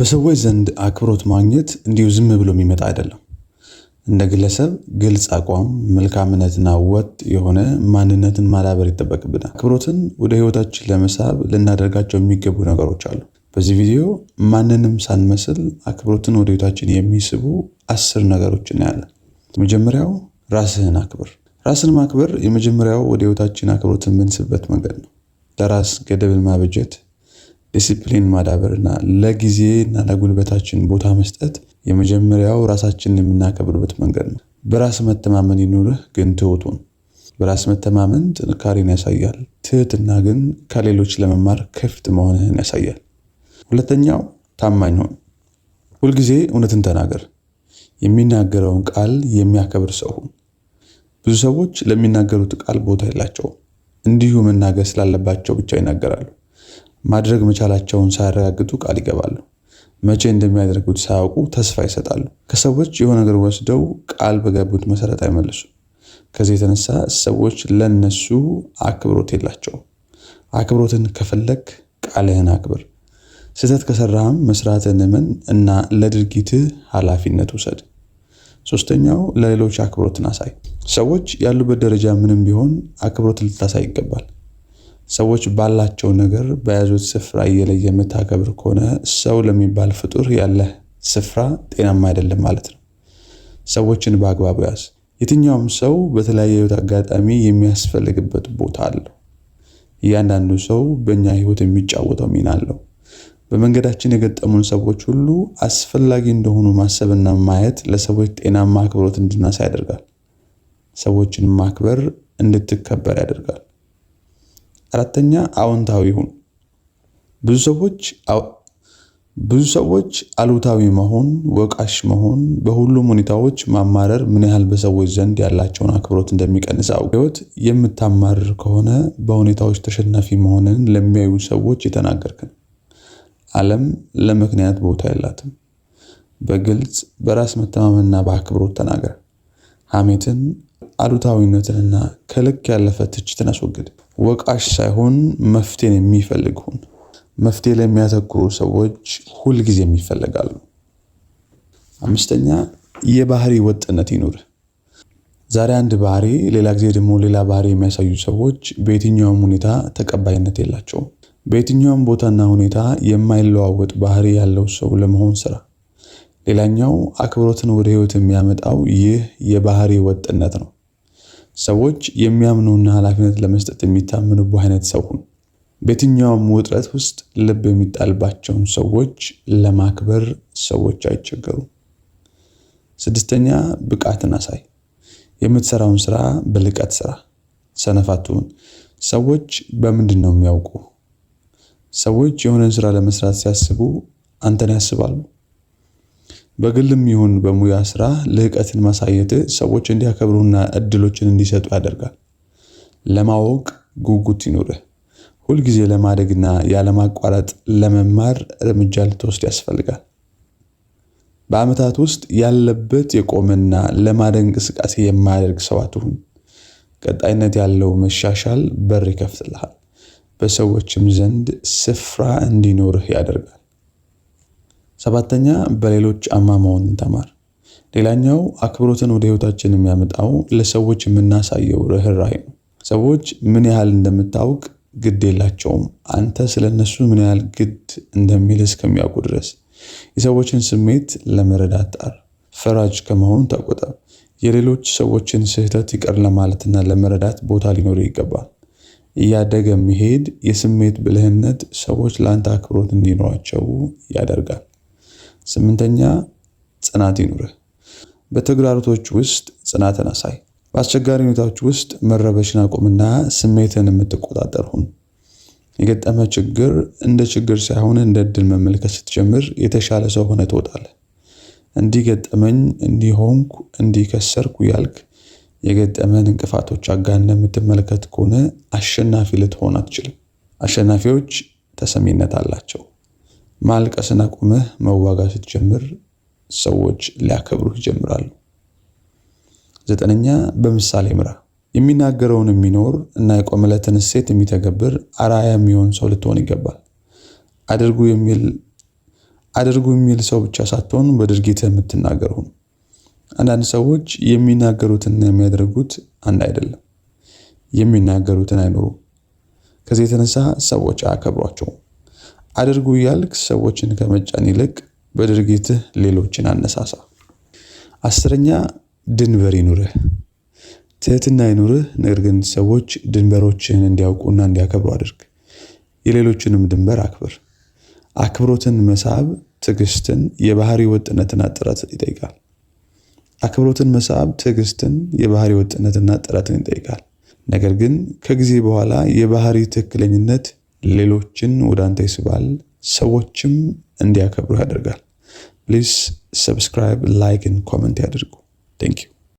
በሰዎች ዘንድ አክብሮት ማግኘት እንዲሁ ዝም ብሎ የሚመጣ አይደለም። እንደ ግለሰብ ግልጽ አቋም፣ መልካምነትና ወጥ የሆነ ማንነትን ማዳበር ይጠበቅብናል። አክብሮትን ወደ ህይወታችን ለመሳብ ልናደርጋቸው የሚገቡ ነገሮች አሉ። በዚህ ቪዲዮ ማንንም ሳንመስል አክብሮትን ወደ ህይወታችን የሚስቡ አስር ነገሮች እናያለን። መጀመሪያው ራስህን አክብር። ራስን ማክበር የመጀመሪያው ወደ ህይወታችን አክብሮትን የምንስበት መንገድ ነው። ለራስ ገደብን ማበጀት ዲሲፕሊን ማዳበርና ለጊዜና ለጉልበታችን ቦታ መስጠት የመጀመሪያው ራሳችንን የምናከብርበት መንገድ ነው። በራስ መተማመን ይኑርህ፣ ግን ትሁት በራስ መተማመን ጥንካሬን ያሳያል። ትህትና ግን ከሌሎች ለመማር ክፍት መሆንህን ያሳያል። ሁለተኛው ታማኝ ሁን። ሁልጊዜ እውነትን ተናገር። የሚናገረውን ቃል የሚያከብር ሰው ሁን። ብዙ ሰዎች ለሚናገሩት ቃል ቦታ የላቸውም። እንዲሁ መናገር ስላለባቸው ብቻ ይናገራሉ። ማድረግ መቻላቸውን ሳያረጋግጡ ቃል ይገባሉ። መቼ እንደሚያደርጉት ሳያውቁ ተስፋ ይሰጣሉ። ከሰዎች የሆነ ነገር ወስደው ቃል በገቡት መሰረት አይመልሱም። ከዚህ የተነሳ ሰዎች ለነሱ አክብሮት የላቸውም። አክብሮትን ከፈለግ ቃልህን አክብር። ስህተት ከሰራህም መስራትን እመን እና ለድርጊትህ ኃላፊነት ውሰድ። ሶስተኛው ለሌሎች አክብሮትን አሳይ። ሰዎች ያሉበት ደረጃ ምንም ቢሆን አክብሮት ልታሳይ ይገባል። ሰዎች ባላቸው ነገር በያዙት ስፍራ እየለየ የምታከብር ከሆነ ሰው ለሚባል ፍጡር ያለህ ስፍራ ጤናማ አይደለም ማለት ነው። ሰዎችን በአግባቡ ያዝ። የትኛውም ሰው በተለያየ ህይወት አጋጣሚ የሚያስፈልግበት ቦታ አለው። እያንዳንዱ ሰው በእኛ ህይወት የሚጫወተው ሚና አለው። በመንገዳችን የገጠሙን ሰዎች ሁሉ አስፈላጊ እንደሆኑ ማሰብና ማየት ለሰዎች ጤናማ አክብሮት እንድናሳ ያደርጋል። ሰዎችን ማክበር እንድትከበር ያደርጋል። አራተኛ አዎንታዊ ሁኑ። ብዙ ሰዎች አሉታዊ መሆን፣ ወቃሽ መሆን፣ በሁሉም ሁኔታዎች ማማረር ምን ያህል በሰዎች ዘንድ ያላቸውን አክብሮት እንደሚቀንስ አውቅ። የምታማር የምታማርር ከሆነ በሁኔታዎች ተሸናፊ መሆንን ለሚያዩ ሰዎች የተናገርክን። ዓለም ለምክንያት ቦታ የላትም። በግልጽ በራስ መተማመንና በአክብሮት ተናገር። ሐሜትን አሉታዊነትንና ከልክ ያለፈ ትችትን አስወግድ። ወቃሽ ሳይሆን መፍትሄን የሚፈልግ ሁን። መፍትሄ ለሚያተኩሩ ሰዎች ሁልጊዜም ይፈለጋሉ። አምስተኛ የባህሪ ወጥነት ይኑር። ዛሬ አንድ ባህሪ ሌላ ጊዜ ደግሞ ሌላ ባህሪ የሚያሳዩ ሰዎች በየትኛውም ሁኔታ ተቀባይነት የላቸውም። በየትኛውም ቦታና ሁኔታ የማይለዋወጥ ባህሪ ያለው ሰው ለመሆን ስራ። ሌላኛው አክብሮትን ወደ ህይወት የሚያመጣው ይህ የባህሪ ወጥነት ነው። ሰዎች የሚያምኑና ኃላፊነት ለመስጠት የሚታመኑብህ አይነት ሰው ሁን። በየትኛውም ውጥረት ውስጥ ልብ የሚጣልባቸውን ሰዎች ለማክበር ሰዎች አይቸገሩም። ስድስተኛ ብቃትን አሳይ። የምትሰራውን ስራ በልቀት ስራ። ሰነፋቱን ሰዎች በምንድን ነው የሚያውቁ? ሰዎች የሆነን ስራ ለመስራት ሲያስቡ አንተን ያስባሉ። በግልም ይሁን በሙያ ስራ ልህቀትን ማሳየት ሰዎች እንዲያከብሩና እድሎችን እንዲሰጡ ያደርጋል። ለማወቅ ጉጉት ይኑርህ። ሁልጊዜ ለማደግና ያለማቋረጥ ለመማር እርምጃ ልትወስድ ያስፈልጋል። በዓመታት ውስጥ ያለበት የቆመና ለማደግ እንቅስቃሴ የማያደርግ ሰው አትሁን። ቀጣይነት ያለው መሻሻል በር ይከፍትልሃል፣ በሰዎችም ዘንድ ስፍራ እንዲኖርህ ያደርጋል። ሰባተኛ በሌሎች አማ መሆንን ተማር። ሌላኛው አክብሮትን ወደ ህይወታችን የሚያመጣው ለሰዎች የምናሳየው ርኅራኄ ነው። ሰዎች ምን ያህል እንደምታውቅ ግድ የላቸውም አንተ ስለ እነሱ ምን ያህል ግድ እንደሚል እስከሚያውቁ ድረስ። የሰዎችን ስሜት ለመረዳት ጣር። ፈራጅ ከመሆን ተቆጠብ። የሌሎች ሰዎችን ስህተት ይቅር ለማለትና ለመረዳት ቦታ ሊኖር ይገባል። እያደገ መሄድ የስሜት ብልህነት ሰዎች ለአንተ አክብሮት እንዲኖራቸው ያደርጋል። ስምንተኛ ጽናት ይኑርህ። በተግዳሮቶች ውስጥ ጽናትን አሳይ። በአስቸጋሪ ሁኔታዎች ውስጥ መረበሽን አቁምና ስሜትን የምትቆጣጠር ሁን። የገጠመ ችግር እንደ ችግር ሳይሆን እንደ እድል መመልከት ስትጀምር የተሻለ ሰው ሆነ ትወጣለ እንዲህ ገጠመኝ፣ እንዲህ ሆንኩ፣ እንዲህ ከሰርኩ ያልክ የገጠመን እንቅፋቶች አጋነ የምትመለከት ከሆነ አሸናፊ ልትሆን አትችልም። አሸናፊዎች ተሰሚነት አላቸው። ማልቀስን አቁመህ መዋጋት ስትጀምር ሰዎች ሊያከብሩህ ይጀምራሉ። ዘጠነኛ በምሳሌ ምራ። የሚናገረውን የሚኖር እና የቆመለትን እሴት የሚተገብር አራያ የሚሆን ሰው ልትሆን ይገባል። አድርጉ የሚል ሰው ብቻ ሳትሆን በድርጊትህ የምትናገር ሁን። አንዳንድ ሰዎች የሚናገሩትና የሚያደርጉት አንድ አይደለም። የሚናገሩትን አይኖሩም። ከዚህ የተነሳ ሰዎች አያከብሯቸውም። አድርጉ እያልክ ሰዎችን ከመጫን ይልቅ በድርጊትህ ሌሎችን አነሳሳ። አስረኛ ድንበር ይኑርህ። ትህትና ይኑርህ፣ ነገር ግን ሰዎች ድንበሮችህን እንዲያውቁና እንዲያከብሩ አድርግ። የሌሎችንም ድንበር አክብር። አክብሮትን መሳብ ትዕግስትን፣ የባህሪ ወጥነትና ጥረት ይጠይቃል። አክብሮትን መሳብ ትዕግስትን፣ የባህሪ ወጥነትና ጥረትን ይጠይቃል። ነገር ግን ከጊዜ በኋላ የባህሪ ትክክለኝነት ሌሎችን ወደ አንተ ይስባል፣ ሰዎችም እንዲያከብሩ ያደርጋል። ፕሊዝ ሰብስክራይብ፣ ላይክ፣ ኮመንት ያድርጉ። ቴንክ ዩ